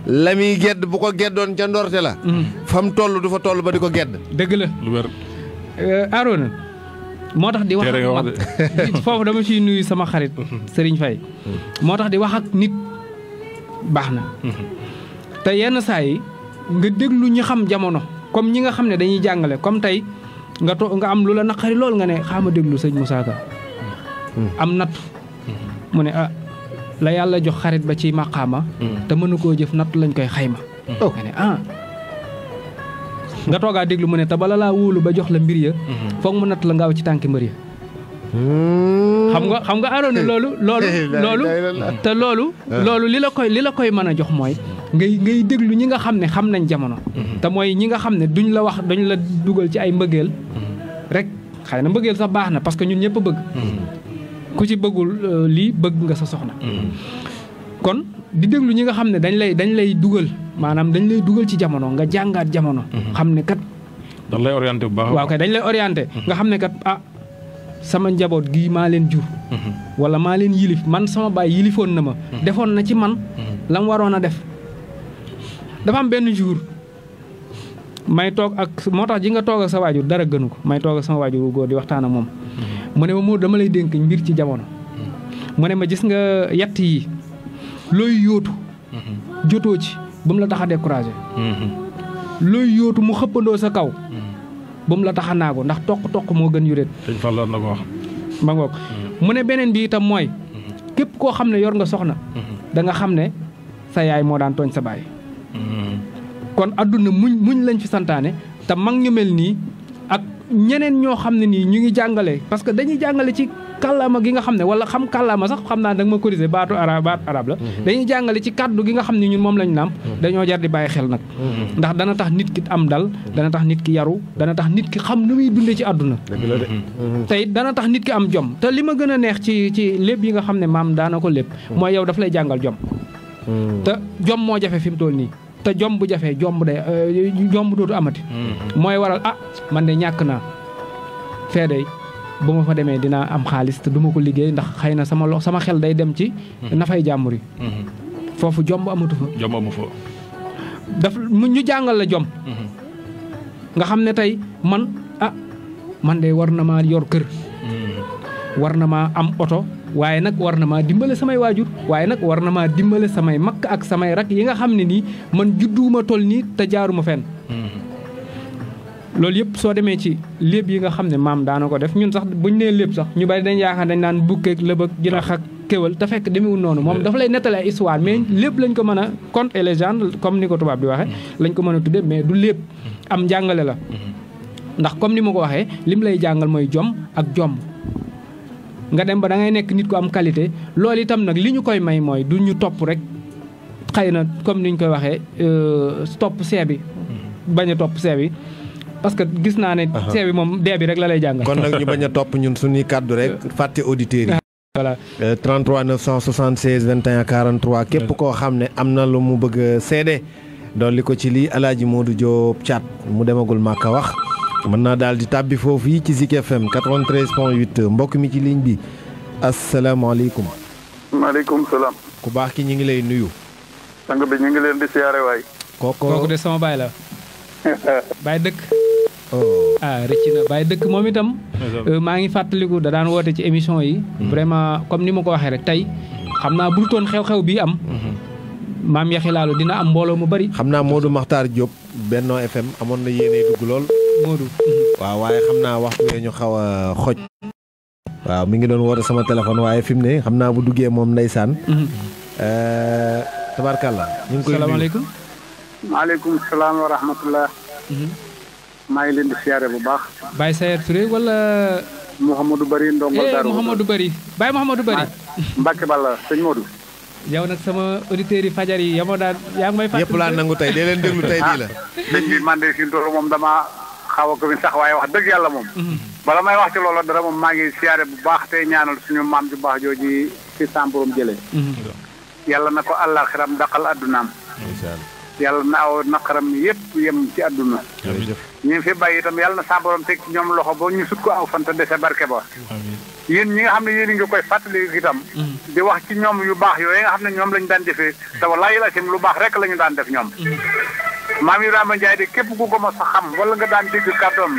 la muy gedd bu ko geddoon ca ndorte la fam toll du fa toll ba di ko gedd dëgg la Euh, Arouna moo tax di wax ak mag foofu dama ciy nuyu sama xarit Serigne fay moo tax di wax ak nit baax na te yenn saa yi nga déglu ñu xam jamono comme ñi nga xam ne dañuy jàngale comme tey nga toog nga am lu la naqari lool nga ne xaama déglu sañ Moussa Ka am natt mu ne ah la yàlla jox xarit ba ci maqaama mm. te mënu koo jëf natt lañ koy xayma oh. nga toogaa déglu mu ne te bala laa wóolu ba jox la mbir ya mhm. foog mu natt la ngaaw ci tànki mbër ya hmm. xam nga xam nga aaroon ne eh. loolu loolu eh, loolu te loolu eh. loolu li la koy li la koy mën a jox mooy ngay ngay déglu ñi nga xam ne xam nañ jamono mhm. te mooy ñi nga xam ne duñ la wax dañ la dugal ci ay mbëggeel mhm. rek xëy na mbëggeel sa baax na parce que ñun ñëpp a bëgg ku ci bëggul euh, lii bëgg nga sa soxna kon di déglu ñi nga xam ne dañ lay dañ lay dugal maanaam dañ lay dugal ci jamono nga jàngaat jamono. Mhm. xam ne kat. dañ lay orienté bu baax waaw kay dañ lay orienté. Mhm. nga xam ne kat a ah, sama njaboot gii maa leen jur. Mhm. wala maa leen yilif man sama baay yilifoon na ma. defoon na ci man. la waroon a def. dafa am benn jour may toog ak moo tax ji nga toog ak sa waajur dara gënu ko may toog ak sama waajur bu góor di waxtaan ak moom. mu ne ma moo dama lay dénk mbir ci jamono. mu ne ma gis nga yatt yi. looy yóotu. jotoo ci ba mu la tax a découragé. looy yóotu mu xëppandoo sa kaw. ba mu la tax a naagu ndax toq-toq moo gën yuréet. dañ fa loon ko wax. ma ngoog mu ne beneen bi itam mooy. képp koo xam ne yor nga soxna. da xam ne sa yaay moo daan tooñ sa baay. kon adduna muñ muñ lañ fi santaane te mag ñu mel nii ak ñeneen ñoo xam ne nii ñu ngi jàngale parce que dañuy jàngale ci kàllaama gi nga xam ne wala xam kàllaama sax xam naa da nga ma corriger baatu arab baatu arab la mhm. dañuy jàngale ci kàddu gi nga xam ne ñun moom lañu nàmp mhm. dañoo jar di bàyyi xel nag mhm. ndax dana tax nit ki am dal dana tax nit ki yaru dana tax nit ki xam nu muy dundee ci àdduna tey dana tax nit ki am jom te li ma gën a neex ci ci lépp yi nga xam ne maam daana ko lépp mooy yow daf lay jàngal jom te jom moo jafe fi mu toll nii te jom bu jafee jomb day euh, jomb dootu amati mooy waral ah man de ñàkk naa fee bu ma fa demee dinaa am xaalis te duma ko liggéey ndax xëy na sama lo sama xel day dem ci. Mhm. nafay jàmbur yi. Mhm. foofu jomb amatu fa. jomb amu fa. daf ñu jàngal la mhm. nga xam ne tey man ah man dey war na maa yor kër. war na maa am oto. waaye nag war na maa dimbale samay waajur waaye nag war na maa dimbale samay makk ak samay rak yi nga xam ne nii man judduwuma toll nii te jaaruma fen loolu yëpp soo demee ci léeb yi nga xam ne maam daana ko def ñun sax buñ nee léeb sax ñu bari dañ yaakaar dañ naan bukkeeg lëbëg jinax ak kéwal te fekk demewul noonu moom eh. dafa lay nettali ay histoire mais lépp lañ ko mën a conte et légende comme ni ko tubaab di waxe lañ ko mën a tuddee mais du lépp am njàngale la ndax comme ni ma ko waxee li mu lay jàngal mooy jomm ak jom nga dem ba da ngay nekk nit ku am qualité loolu itam nag li ñu koy may mooy du ñu topp rek xëy na comme ni koy waxee euh, topp see bi bañ a topp see bi parce que gis naa ne. see moom dee bi rek la lay jàngal. kon nag ñu bañ a topp ñun suñuy kàddu rek fàtte auditeurs yi. voilà 33 976 21 43 képp koo xam ne am na lu mu bëgg a seede dolli ko ci lii El moo Modou Diop Thiat mu demagul màkka wax mën naa daal di tàbbi foofu yi ci Zik FM 93.8 mbokk mi ci ligne bi asalaamaaleykum. maaleykum salaam. ku baax ki ñu ngi lay nuyu. sang bi ñu ngi leen di siyaare waay. kooku de sama baay la. baay dëkk. ah rëcc na bàyyi dëkk moom itam. Euh, maa ngi fàttaliku da daan woote ci émission yi. Hmm. vraiment comme ni ma ko waxee rek tey xam naa bu toon xew-xew bii am. Hmm. maam yaxi laalo dina am mbooloo mu bari. xam naa Modou maxtaar Diop Benno FM amoon na yéenay dugg lool. Modou. waaw waaye xam naa waxtu ñu xaw a xoj. waaw mu ngi doon woote sama téléphone waaye fi mu ne xam naa bu duggee moom ndeysaan. Hmm. Euh, tabaarkalla. ñu ngi koy salaam wa maa ngi leen di siyaare bu baax. Baye Sayer Touré wala. Mouhamadou Bari ndongol eh, Darou Mouhamadou Bari Baye Mouhamadou Bari. Mbacke Balla sëñ Modou. yow nag sama auditeurs yi fajar yi yamoo daan yaa ngi may. fàttali yëpp laa nangu tey dee leen déglu tey nii la. Ah, sëñ bi moom damaa xaw a ko sax waaye wax dëgg yàlla moom. Mm-hmm. bala may wax ci dara moom maa ngi siyaare bu baax tey ñaanal suñu maam ju baax jooju ci sàmburam jëlee. Mm-hmm. yàlla na ko àllaaxiram daqal addunaam. yàlla na aw naqaram yépp yem ci àdduna ñu fi bàyyi itam yàlla na sa teg ci ñoom loxo boo ñu sut ko aw fan te dese barke ba yéen ñi nga xam ne yéen a ngi koy fàttali itam mm. di wax ci ñoom yu baax yooyu nga xam ne ñoom lañu daan defee te wallaahi la lu baax rek lañu daan def ñoom mm. maam Ibrahima Ndiaye de képp ku ko ma a xam wala nga daan dégg kàddoom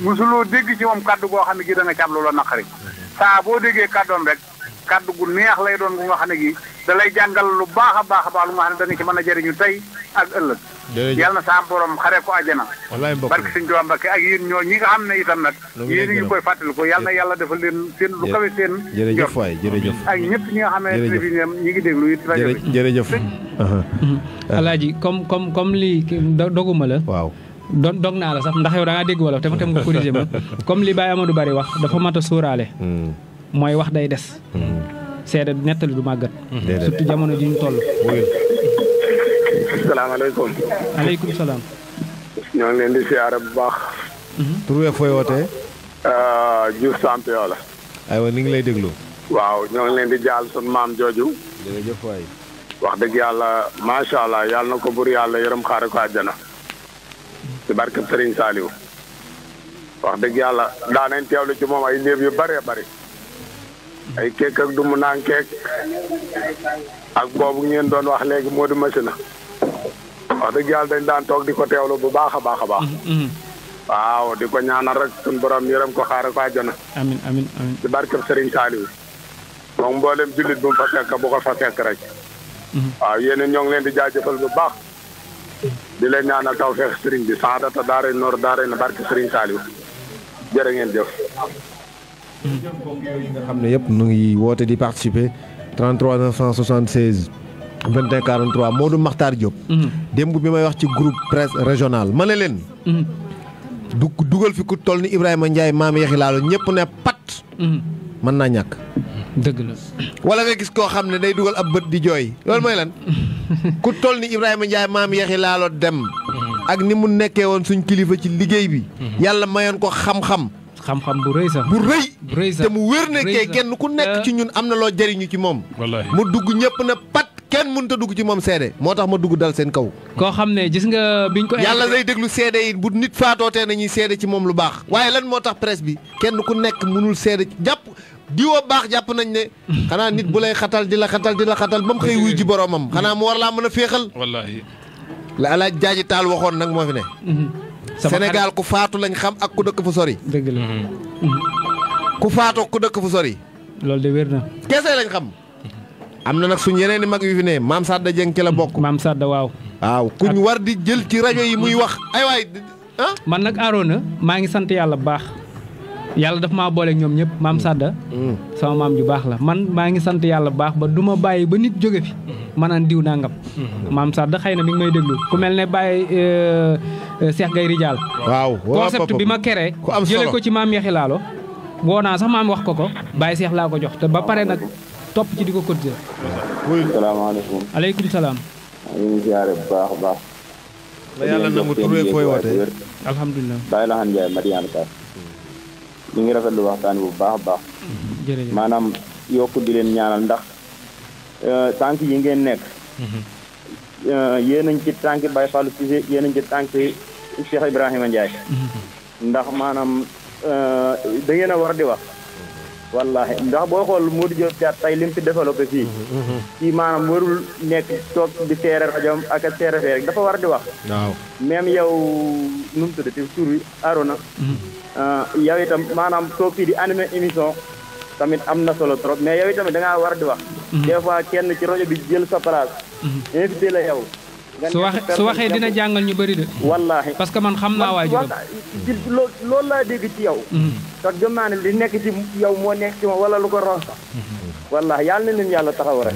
mosuloo dégg ci moom kàdd goo xam ne gi da nga ci am naqari mm. saa boo déggee kàddoom rek kàddu gu neex lay doon gu nga gi da lay jàngal lu baax a baax a baax lu nga xam ne da nga ci mën a jëriñu tey ak ëllëg. jërëjëf yàlla na saa borom ko àjjana. wallaay mbokk barke suñu Tuubaa ak yéen ñoo ñi nga xam ne itam nag. yéen koy fàttali ko yàlla yàlla defal leen seen jërëjëf waay jërëjëf ak ñëpp ñi nga xam ne fi ñoom ñi ngi déglu it. rajo bi jërëjëf alaaji comme comme comme lii doguma la. waaw. don dog naa la sax ndax yow da ngaa dégg wolof te fa tam nga corrigé ma comme li Baye Amadou Bari wax dafa mat a sóoraale hmm. mooy wax day des hmm. seede nettali du màggat. surtout jamono ji ñu toll. salaam. ñoo ngi leen di siyaare bu baax. Mhm. tur beeg fooy wootee. Euh, Diouf Sampion la. aywa ni ngi lay déglu. waaw ñoo ngi leen di jaal sun maam jooju. jërëjëf waay. wax dëgg yàlla macha allah yàlla na ko bur yàlla yaram xaare ko àjjana. ci barke Serigne Saliou. wax dëgg yàlla daanañ teewlu ci moom ay léeb yu bëree bëri. ay keek ak dumu naan keek ak boobu ngeen doon wax léegi moo di machine wax dëgg yàlla dañ daan toog di ko teewlu bu baax a baax a baax mm-hmm, mm-hmm. waaw di ko ñaanal rek suñu borom yërëm ko xaara ko àjjana amin amin amin ci barkeb Serigne Saliou moom mboolem jullit bu mu fa fekk bu ko fa fekk rek mm-hmm. waaw yéen ñoo ngi leen di jaajëfal bu baax di leen ñaanal taw feex Serigne bi saadata daare noor daare na barke Serigne Saliou jërë ngeen jëf mbokk yooyu nga xam yëpp nu ngi woote di participer 33 976 21 43 Modou Makhtar Diop. Mhm. démb bi may wax ci groupe presse régional ma ne leen. Mhm. du dugal fi ku toll ni Ibrahima Ndiaye maam yaxi laalo ñëpp ne pat. Mhm. mën naa ñàkk. dëgg la. walla nga gis koo xam ne day dugal ab bët di jooy loolu mooy lan. ku toll ni Ibrahima Ndiaye maam yaxi laalo dem. ak ni mu nekkee woon suñ kilifa ci liggéey bi. yàlla mayoon ko xam-xam. xam-xam bu rëy bu rëy bu rëy te mu wér ne kenn ku nekk ci ñun am na loo jëriñu ci moom wallaahi mu dugg ñëpp na pat kenn mënut a dugg ci moom seede moo tax ma dugg dal seen kaw koo xam ne gis nga biñ ko yàlla lay déglu seede yi bu nit faatootee nañuy seede ci moom lu baax waaye lan moo tax presse bi kenn ku nekk mënul seede jàpp diwoo baax jàpp nañ ne xanaa nit bu lay xatal di la xatal di la xatal ba mu xëy wuy ji boroomam xanaa mu war laa mën a féexal wallaahi la alaaj jaaji taal waxoon nag moo fi ne mhm. Sénégal ku faatu lañ xam ak ku dëkk fu sori. dëgg la. Mhm. ku faatu ku dëkk fu sori. loolu de wér na. kese lañ xam. am na nag suñ yeneen i mag yu fi ne maam Sadda Dieng ci la bokk. maam Sadda waaw. waaw kuñ war di jël ci rajo yi muy wax ay waay ah? man nag Arona maa ngi sant yàlla bu baax. yàlla daf maa boole ñoom ñëpp maam Sadda. Mm. sama maam ju baax la man maa ngi sant yàlla bu baax ba du ma bàyyi ba nit jóge fi. Mm-hmm. ma naan diw nangam. Mm-hmm. maam Sadda xëy na mi may déglu ku mel ne Baye euh, euh, Cheikh Gay Rijaal. waaw concept bi ma keree. ku am solo jëlee ko ci maam Laalo. woo naa sax maam wax ko ko. bàyyi seex laa ko jox te ba pare nag topp ci di ko cotiser. salaamaaleykum. aleykum salaam. ñu ngi ziare baax baax. la yàlla nangu turee fooy wootee. alhamdulilah. Baye Lahan Ndiaye Mariane Ka. ñu ngi rafetlu waxtaan bu baax a baax. maanaam yokk di leen ñaanal ndax euh, tànk yi ngeen nekk. Mhm. Euh, yéen nañ ci tànk Baye Fallou Cissé yéen nañ ci tànk Cheikh Ibrahima Ndiaye. Mhm. ndax maanaam euh, da ngeen a war di wax. wallahi ndax boo xool Modou Diop Diatta tey li mu fi développé fii. kii mm-hmm, mm-hmm. maanaam warul nekk toog di seere rajo ak a seere rek dafa war di wax. waaw même yow nu mu tuddati tur wi Arona. Mm-hmm. Euh, yow itam maanaam toog fii di animé émission tamit am na solo trop mais yow itamit da ngaa war di wax. des kenn ci rajo bi jël sa place. invité la yow. su wax su waxee dina jàngal ñu bari de. wallaahi parce que man xam naa waa juróom. loolu loolu laa dégg ci yow. Mm-hmm. te gëm naa ne li nekk ci yow moo nekk ci moom wala lu ko roos sax. Mm-hmm. wallaahi yàlla na leen yàlla taxaw rek.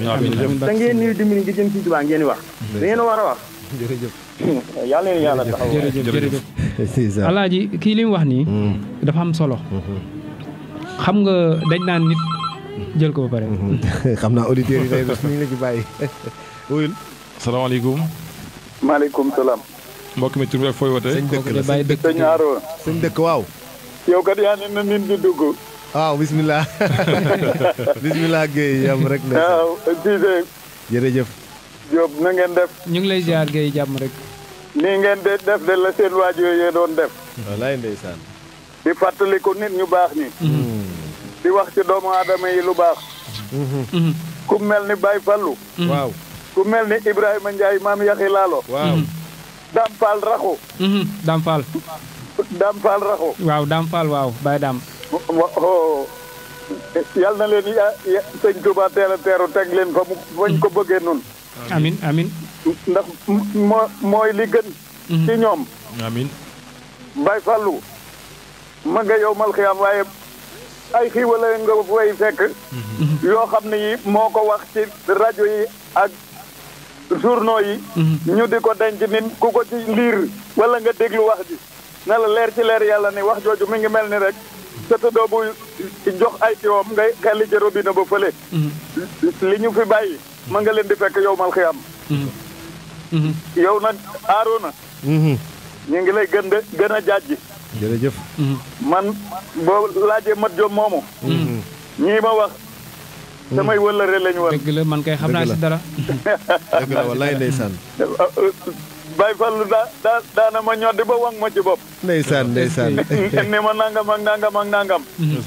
da ngeen nii dimbali ngi jëm ci Tuubaa ngeen wax. da mm-hmm. ngeen war a wax. jërëjëf. yàlla na leen yàlla taxaw rek jërëjëf jërëjëf. c'est ça alaaji kii li mu wax nii. dafa am solo. xam nga dañ naan nit jël ko ba pare. xam naa auditeurs yi lay def ñu la ci bàyyi. wuyul. salaamaaleykum. maaleykum salaam. mbokk mi tur beeg fooy wootee. sëñ dëkk la sëñ dëkk waaw. yow kat yaa nit na nit di dugg. waaw bisimilah bisimilah Guèye yam rek la. waaw Cissé. jërëjëf. Diop na ngeen def. ñu ngi lay ziar Guèye jàmm rek. nii ngeen de def de la seen waajur yee doon def. walaay ndeysaan. di fàttaliku nit ñu baax ñi. Mm-hmm. di wax ci doomu aadama yi lu baax. Mm-hmm. ku mel ni Baye Fallou. Mm-hmm. waaw. ku mel ni Ibrahima Ndiaye maam Yaxi Laalo. waaw mhm. Dampal Raxu. Mhm. Dampal. Dampal Raxu. waaw Dampal waaw Baye Dam. yal na leen ya sëñ Touba teel a teg leen fa mu fañ ko bëggee nun mhm. amin amin ndax mooy li gën. ci ñoom. amin Baye Fallou. nga yow mal waaye ay xiiwala nga fay fekk. yoo xam ne moo ko wax ci rajo yi ak. journaux yi. Mhm. ñu di ko denc nit ku ko ci liir wala nga déglu wax ji na leer ci leer yàlla ni wax jooju mi ngi mel ni rek sa tëddoo bu jox ay kiiwam ngay xelli ca na ba fële. Mhm. li ñu fi bàyyi ma nga leen di fekk yow mal xiyam. Mhm. yow nag aaruna. ñu ngi lay gën de gën a jaajëf. jërëjëf. man boo laajee mat jom moomu. ñii ma wax. samay hmm. wëllëre lañ woon dëgg la man kay xam naa si dara. dëgg la wallaay ndeysaan. Baye Fallou daa daana ma ñoddi ba wang ma ci bopp. ndeysaan ndeysaan. ne ma nangam ak nangam ak nangam. Hmm.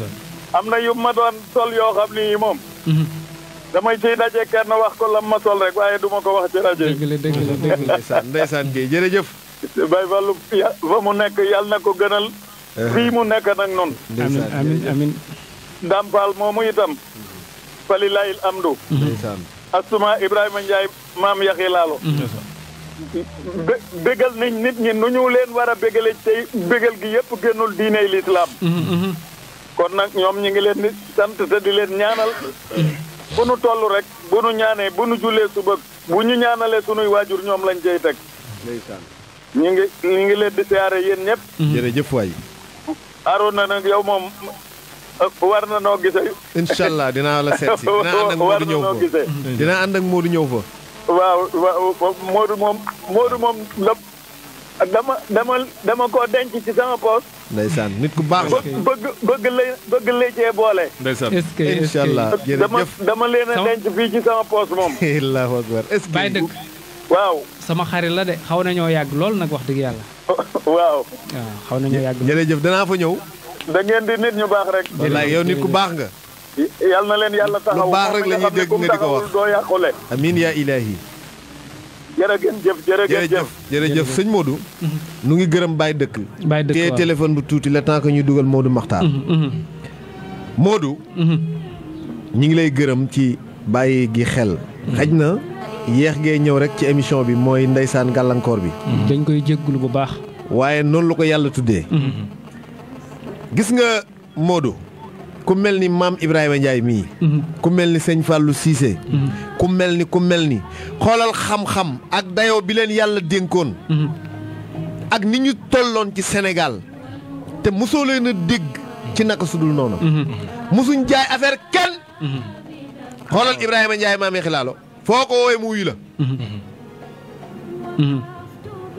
am na yu ma doon sol yoo xam ni yi moom. Hmm. wax ko lam ma sol rek ko wax ci rajo yi. dëgg la dëgg la dëgg fa mu nekk yàlla na ko gënal. Eh. fii mu nekk nag noonu. amiin amiin moomu itam. falilahi l amdu asuma ibrahima ndiaye maam yaxi laalo bé bégal nit ñi nu ñu leen war a bégale tey bégal gi yëpp génnul diiney lislaam kon nag ñoom ñi ngi leen sant te di leen ñaanal bu nu toll rek bu nu ñaanee bu nu jullee suba bu ñu ñaanalee sunuy waajur ñoom lañ cey teg ñu ngi ñu ngi leen di siyaare yéen ñëpp jërëjëf waay Arona nag yow moom war na noo gisee. incha allah dinaa la seet si dinaa ànd ak Modou ñëw fa dinaa ànd ak Modou ñëw fa. waaw waaw Modou moom Modou moom lépp dama dama dama koo denc ci sama poos. ndeysaan nit ku baax la. bëgg bëgg lay boole. ndeysaan est ce que incha dama leen denc fii ci sama poos moom. allahu dëkk waaw. sama xarit la de xaw nañoo yàgg lool nag wax dëgg yàlla. waaw. waaw xaw nañoo yàgg. jëf danaa fa ñëw. da ngeen di nit ñu baax rek. yow nit ku baax nga. yàlla leen yàlla taxaw lu baax rek la ñuy dégg nga di ko wax doo yàqule. amiin yaa ilaahi. jërëgën jëf jërëgën jëf jërëjëf sëñ Modou. nu ngi gërëm Baye Dëkk. Baye Dëkk waaw téléphone bu tuuti le temps que ñuy dugal Modou Makhtar. Mm-hmm, mm-hmm. Modou. Mm-hmm. ñu ngi lay gërëm ci bàyyi gi xel. xaj na yéex gee ñëw rek ci émission bi mooy ndeysaan gàllankoor bi. dañ koy jéggul bu baax. waaye noonu la ko yàlla tuddee. gis nga Modou ku mel ni maam Ibrahima njaay mii. Mhm. ku mel ni sëñ Fallou Cissé. Mhm. ku mel ni ku mel ni xoolal xam-xam ak dayoo bi leen yàlla dénkoon. Mhm. ak ni ñu tolloon ci Sénégal te mosoo leen a dégg ci naka sudul noonu. mosuñ jaay affaire kenn. xoolal Ibrahima Ndiaye maam xilaalo foo ko woowee mu wuyu la.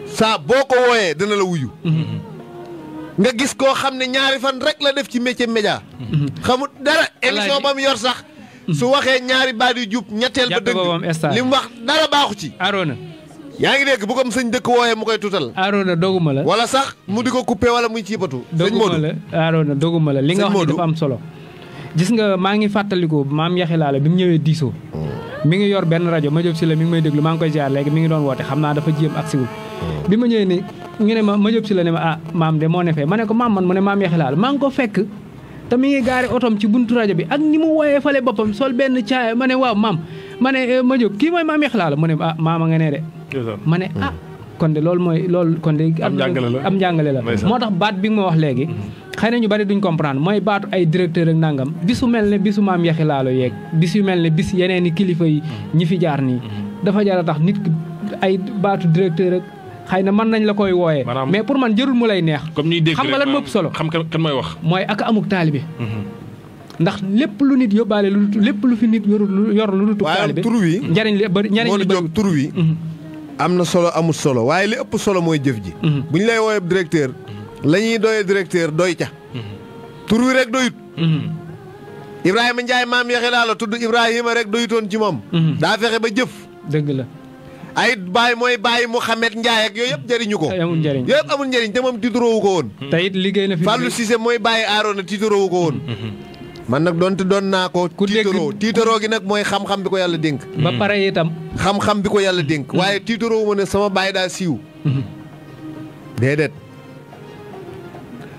saa boo ko wooyee dina la wuyu. nga gis koo xam ne ñaari fan rek la def ci métier média xamut dara émission ba mu yor sax su waxee ñaari baat yu jub ñetteel ba dëgg li mu wax dara baaxu ci Arona yaa ngi dégg bu ko sëñ dëkk wooyee mu koy tuutal Arona doguma la wala sax mu di ko coupé wala muy ciipatu sëñ Modou doguma la Arona doguma la li nga wax ni dafa am solo gis nga maa ngi fàttalikoo maam yaxi laa la bi mu ñëwee diisoo hmm. mi ngi yor benn rajo ma jób si la mi ngi may déglu maa ngi koy ziar léegi mi ngi doon woote xam naa dafa jéem ak siwul hmm. bi ma ñëwee ni ñu ne ma ma jób si la ne ah, moo ne ma ne ko maam man mu ne maam laal maa ngi ko fekk te mi ngi gaari otom ci buntu rajo bi ak ni mu wooyee fale boppam sol benn caaya ma ne waaw maam ma ne eh, ma kii mooy maam yaxi laal ne ah maama nga ne de ma ne ah kon de loolu mooy loolu kon de am njàngale la moo tax baat bi nga ma wax léegi mm-hmm. xëy na ñu bari duñ comprendre mooy baat ay directeur ak nangam bisu mel ne bisu maam yaxi laalo yeeg bis yu mel ne bis yeneen i kilifa yi mm-hmm. ñi fi jaar nii mm-hmm. dafa jar tax nit ay baatu directeur ak xay na mën nañ la koy wooyee mais pour man jërul mu lay neex xam nga lan moo ëpp solo xam kan mooy wax mooy ak amuk taalibe mhm. ndax lépp lu nit yóbbaale lu lépp lu fi nit yorul yor lu dutu taalibe tur wi njariñ li bari njariñ li bari tur wi mhm. am na solo amul solo waaye li ëpp solo mooy jëf ji mhm. bu ñu lay wooyee directeur la ñuy doyee directeur doy ca tur wi rek doyut Ibrahima Ndiaye maam yexe laa la tudd Ibrahima rek doyutoon ci moom daa fexe ba jëf dëgg la ay baay mooy bàyyi mu Ndiaye ak yooyu yëpp jëriñu ko. amul njëriñ yooyu yëpp amul njëriñ te moom tiituroowu ko woon. te it liggéey na fi Fallou Cissé mooy baay Aaroona tiituroowu ko woon. Mhm. man nag doonte doon naa ko. ku dégg tiitaroo gi nag mooy xam-xam bi ko yàlla dénk. Mhm. ba pare itam. xam-xam bi ko yàlla dénk. Mhm. waaye tiitaroo ma ne sama baay daa siiw. déedéet.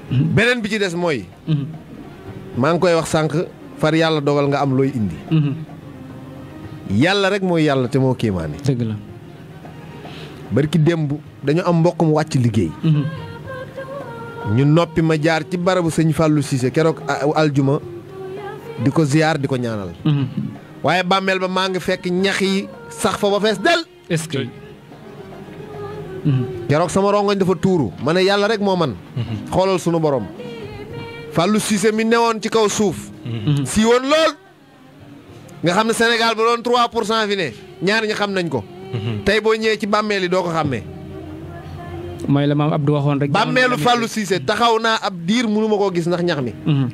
beneen bi ci des mooy. maa ngi koy wax sànq far yàlla dogal nga am looy indi. yàlla rek mooy yàlla te moo kéemaane. dëgg la. barki démb dañu am mbokk mu wàcc liggéey. Mhm. ñu noppi ma jaar ci barabu sëñ fàllu Cissé keroog aljuma di ko ziyaar di ko ñaanal. Mhm. waaye bàmmeel ba maa ngi fekk ñax yi sax fa ba fees del. Mhm. keroog sama rongoñ dafa tuuru ma ne yàlla rek moo man xoolal sunu borom. Fallou Cissé mi woon ci kaw suuf. si woon lool. nga xam ne Sénégal bu doon pour cent fi ne ñaar ñi xam nañ ko. Mhm. tey boo ñëwee ci bàmmeel yi doo ko xàmmee. mooy la maam Abdou waxoon rek. bàmmeelu Fallou Cissé taxaw naa ab diir mënu ma koo gis ndax ñax mi. Mhm.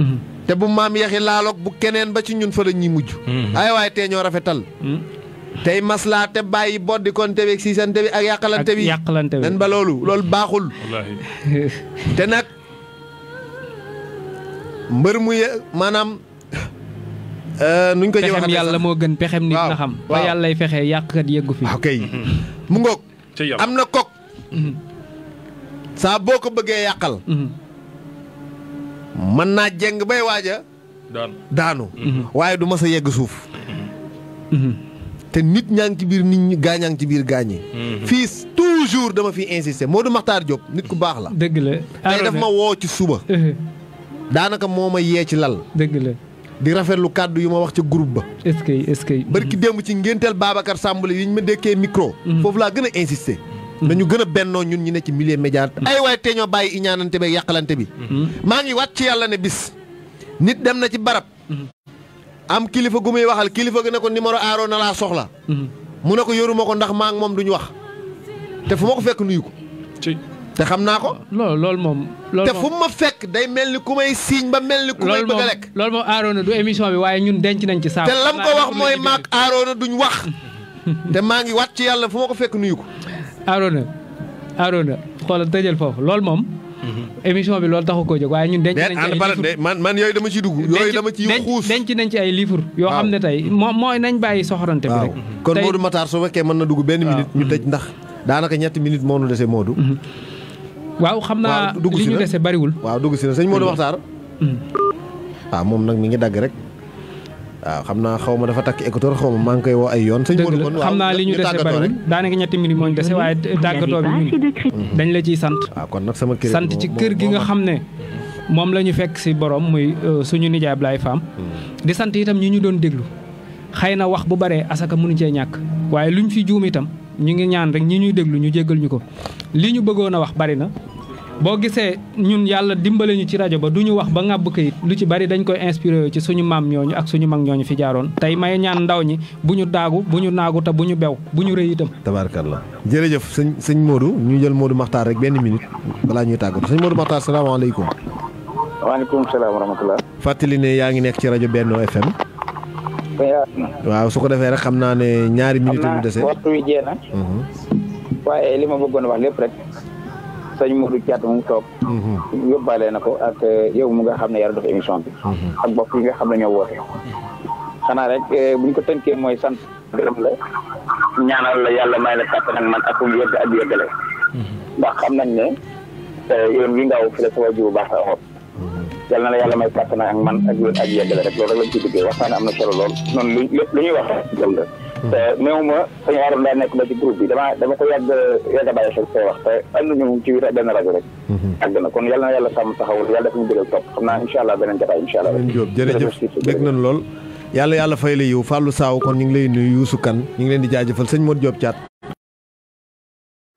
Mhm. te bu maam yaxi laaloog bu keneen ba ci ñun fa la ñuy mujj. ay waaye tey ñoo rafetal. tey maslaa te bàyyi boddi konte bi ak siisante bi ak yàqalante bi nen ba loolu lool baaxul te nag mbër mu ye maanaam Euh, nuñ ko ci waxee pexem yàlla moo gën pexem nit na xam. fexe yàqkat yeggu fi. ok mu ngoog. am na kok. Mhm. saa boo ko bëggee yàqal. Mhm. mën naa jeng bay waaja daanu mhm. waaye du mas a yegg suuf. te nit ñaa ngi ci biir nit ñi gaañaa ngi ci biir gaañi. fii toujours dama fi insister Modou Makhtar Diop nit ku baax la. dëgg la daf ma woo ci suba. daanaka moo ma yee ci lal. dëgg di rafetlu kàddu yu ma wax ca groupe ba. est-ce que est-ce que. barki démb ci ngénteel Babacar Sambale yi ma dékkee micro. Mm-hmm. foofu laa gën a insister. Mm-hmm. nañu gën a bennoo ñun ñu ne ci milieu média. Mm-hmm. ay waay te ñoo bàyyi iñaanante beeg yàqalante bi. maa ngi wat ci yàlla ne bis. nit dem na ci barab. am kilifa gu muy waxal kilifa gi ne ko numéro aaro na laa soxla. mu ne ko yoruma ko ndax maa ngi moom duñu wax. te fu ma ko fekk nuyu ko. te xam naa ko. loolu loolu moom. loolu te fu ma fekk day mel ni ku may siiñ ba mel ni ku may bëgg a lekk. loolu moom Arona du émission bi waaye ñun denc nañ ci saako. te lam ko wax mooy maak Arona duñ wax. te maa ngi wàcc yàlla fu ma ko fekk nuyu ko. Arona Arona xoolal tëjal foofu loolu moom. Mhm. émission bi loolu taxu koo jóg waaye ñun denc nañ ci ay livre man man yooyu dama ci dugg. yooyu dama ci xuus denc nañ ci ay livre. yoo xam ne tey moo mooy nañ bàyyi soxorante bi rek. kon Modou Matar su fekkee mën na dugg benn minute ñu mhm. tëj ndax daanaka ñetti minute moo nu dese Modou mhm. waaw xam naa li ñu bariwul. waaw dugg si na sëñ Modou Waxtaar. Mm. Mm. waaw moom nag mi ngi dagg rek. waaw xam naa xaw ma dafa takk écouteur xaw ma maa ngi koy woo ay yoon. sëñ Modou kon waaw xam li ñu dese bariwul daanaka ñetti minutes moo ñu dese waaye mm-hmm. tàggatoo bi dañ la ciy sant. waaw kon nag sama kër sant ci kër gi nga xam ne. moom la ñu fekk si boroom muy euh, suñu nijaay Ablaye Fam. Mm. di sant itam ñi ñu doon déglu. xëy na wax bu baree asaka mënu cee ñàkk waaye luñ fi juum itam ñu ngi ñaan rek ñi ñuy déglu ñu jéggal ñu ko li ñu bëggoon a wax bari na boo gisee ñun yàlla dimbale ñu ci rajo ba du ñu wax ba ngàbb kayit lu ci bari dañ koy inspiré ci suñu maam ñooñu ak suñu mag ñooñu fi jaaroon tey may ñaan ndaw ñi bu ñu daagu bu ñu naagu te bu ñu bew bu ñu rëy itam. tabaarakallah jërëjëf sëñ sëñ Modou ñu jël Modou Makhtar rek benn minute balaa ñuy tàggatu sëñ Modou Makhtar salaamaaleykum. waaleykum fàttali ne yaa ngi nekk ci rajo Benno FM. waaw su ko defee rek xam naa ne ñaari minute mhm. waaye li ma bëggoon wax lépp rek. sëñ Modou Thiat mu toog mhm. yóbbaale na ko ak eh, yow mu nga xam ne yàlla dafa émission bi mhm. ak bopp nga xam ne ñoo woote xanaa rek eh, buñ ko tënkee mooy sant gërëm la ñaanal la yàlla may la kàttan ak man ak yegg ak yeggale mhm. ndax xam nañ ne eh, yoon wi ngaaw fi la sa bu baax sa xob na la yàlla may kàttan ak man ak yéen ak yeggale rek loolu rek lañ ci duggee waxtaan am na solo lool noonu lu lu ñuy wax gëm te euh, néew ma sëñ Arouna daa nekk ba ci groupe bi damaa dama ko yàgg yàgg a bàyyi xel wax te ànd ñu ci benn rajo rek. Mhm. àgg na kon yal na yàlla sàmm taxawul yàlla def ñu jëlal topp xam naa incha allah beneen jotaay incha allah. jërëjëf dégg lool. yàlla yàlla fay la yiw Fallou Sow kon ñu ngi lay nuyu Youssou Kane ñu ngi leen di jaajëfal sëñ Modou Diop Thiat.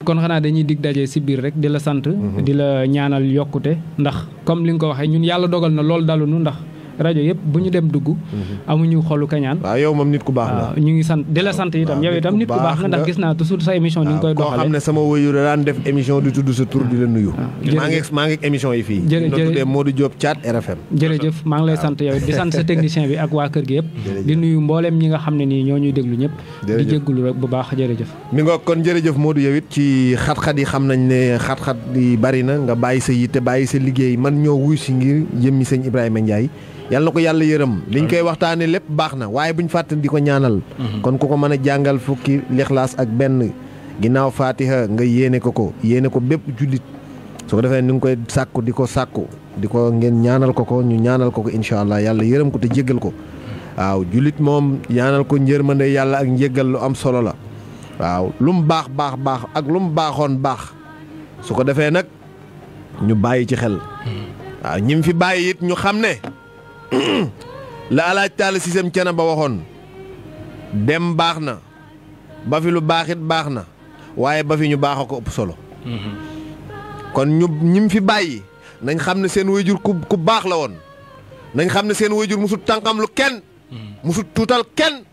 kon xanaa dañuy dig daje si biir rek di la sant. Mhm. di la ñaanal yokkute ndax comme li nga ko waxee ñun yàlla dogal na loolu nu ndax rajo yëpp bu ñu dem dugg. Mhm. amuñu xolu kañaan. waaw yow moom nit ku baax ñu ngi sant di sant itam yow itam nit ku nga ndax gis naa toujours sa émission ni nga koy doxalee. koo xam ne sama wëyu da daan def émission di sa tur di la nuyu. Ah, maa ngi maa ngi émission yi fii. jërëjëf ñu tuddee Modou Diop Thiat RFM. jërëjëf maa ngi lay sant yow di sant sa technicien bi ak waa kër gi yëpp. di nuyu mboolem ñi nga xam ne nii ñoo ñuy déglu ñëpp. di jéggulu rek bu baax jërëjëf. mi nga kon jërëjëf Modou yow it ci xat-xat yi xam nañ ne xat-xat yi bari na nga bàyyi sa yitte bàyyi sa liggéey man ñoo wuy si ngir yëmmi sëñ Ibrahima Ndiaye yal na ko yàlla yërëm liñ koy waxtaanee lépp baax na waaye buñ fàttali di ko ñaanal mhm. kon ku ko mën a jàngal fukki lixlaas ak benn ginnaaw faatiha nga yéene ko ko yéene ko bépp jullit su ko defee ni nga koy sàkku di ko sàkku di ko ngeen ñaanal ko ko ñu ñaanal ko ko incha allah yàlla yërëm ko te jéggal ko waaw jullit moom ñaanal ko njërmande yàlla ak njéggal lu am solo la waaw lu mu baax baax baax ak lu mu baaxoon baax su ko defee nag ñu bàyyi ci xel mhm. waaw ñim fi la alaaj taal sisem cene ba waxoon dem baax na ba fi lu baaxit baax na waaye ba fi ñu baax ko ëpp solo kon ñu ñim fi bàyyi nañ xam ne seen wayjur ku baax la woon nañ xam ne seen wayjur musut tànkam lu kenn musut tuutal kenn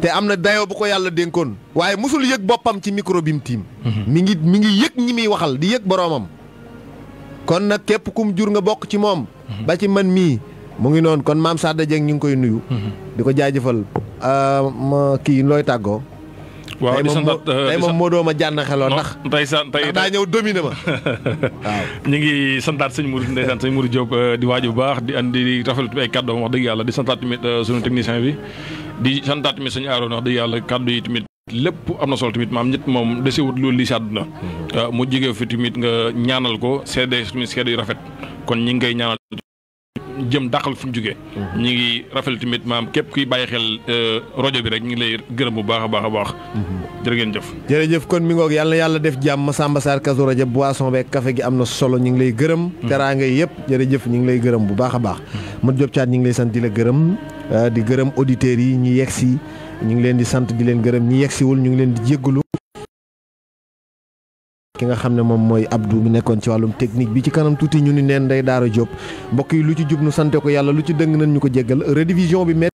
te am na dayo bu ko yàlla dénkoon waaye musul yëg boppam ci micro bi tiim mi ngi mi ngi yëg ñi muy waxal di yëg boroomam kon nag képp kum jur nga bokk ci moom Mhm. ba ci man mii mu ngi noonu kon maam Sada Dieng ñu ngi koy nuyu. Mhm. di ko jaajëfal ah, ma kii looy tàggoo. waaw di sant tey moom moo dooma jànn xeloo ndax tey sant daa ñëw dominé ma waaw ñu ngi santaat sëñ Mourou ndeysaan sëñ Mourou euh, di waaju bu baax di indi di rafetlu ay kàddoom wax dëgg yàlla di santaat tamit euh, sunu technicien bi di santaat tamit sëñ Aaroon wax dëgg yàlla kàddu yi tamit lépp am na solo tamit maam ñett moom desewut loolu li si àdduna mm-hmm. euh, mu jege fi tamit nga ñaanal ko seede tamit seede yu rafet kon ñi ngay ñaanal jëm dàqal fu ñu jógee mm-hmm. ñi ngi rafetlu tamit maam képp bàyyi xel euh, rajo bi rek ñu ngi lay gërëm bu baax a baax a baax mm-hmm. jërë ngeen jëf jërëjëf kon mi ngoog yàlla yàlla def jàmm Massamba Sarr Kazu Rajab boisson beeg kafe gi am na solo ñu ngi lay gërëm mm-hmm. teraanga yëpp jërëjëf ñu ngi lay gërëm bu baax a baax ma Diop Thiat ñu ngi lay sant di la gërëm euh, di gërëm auditeurs yi ñi yegsi ñu ngi leen di sant di leen gërëm ñi yegsiwul ñu ngi leen di jéggalu ki nga xam ne moom mooy Abdou mi nekkoon ci wàllum technique bi ci kanam tuuti ñu ni neen day daara Diop mbokk yi lu ci jub nu sante ko yàlla lu ci dëng nañ ko jéggal rédivision bi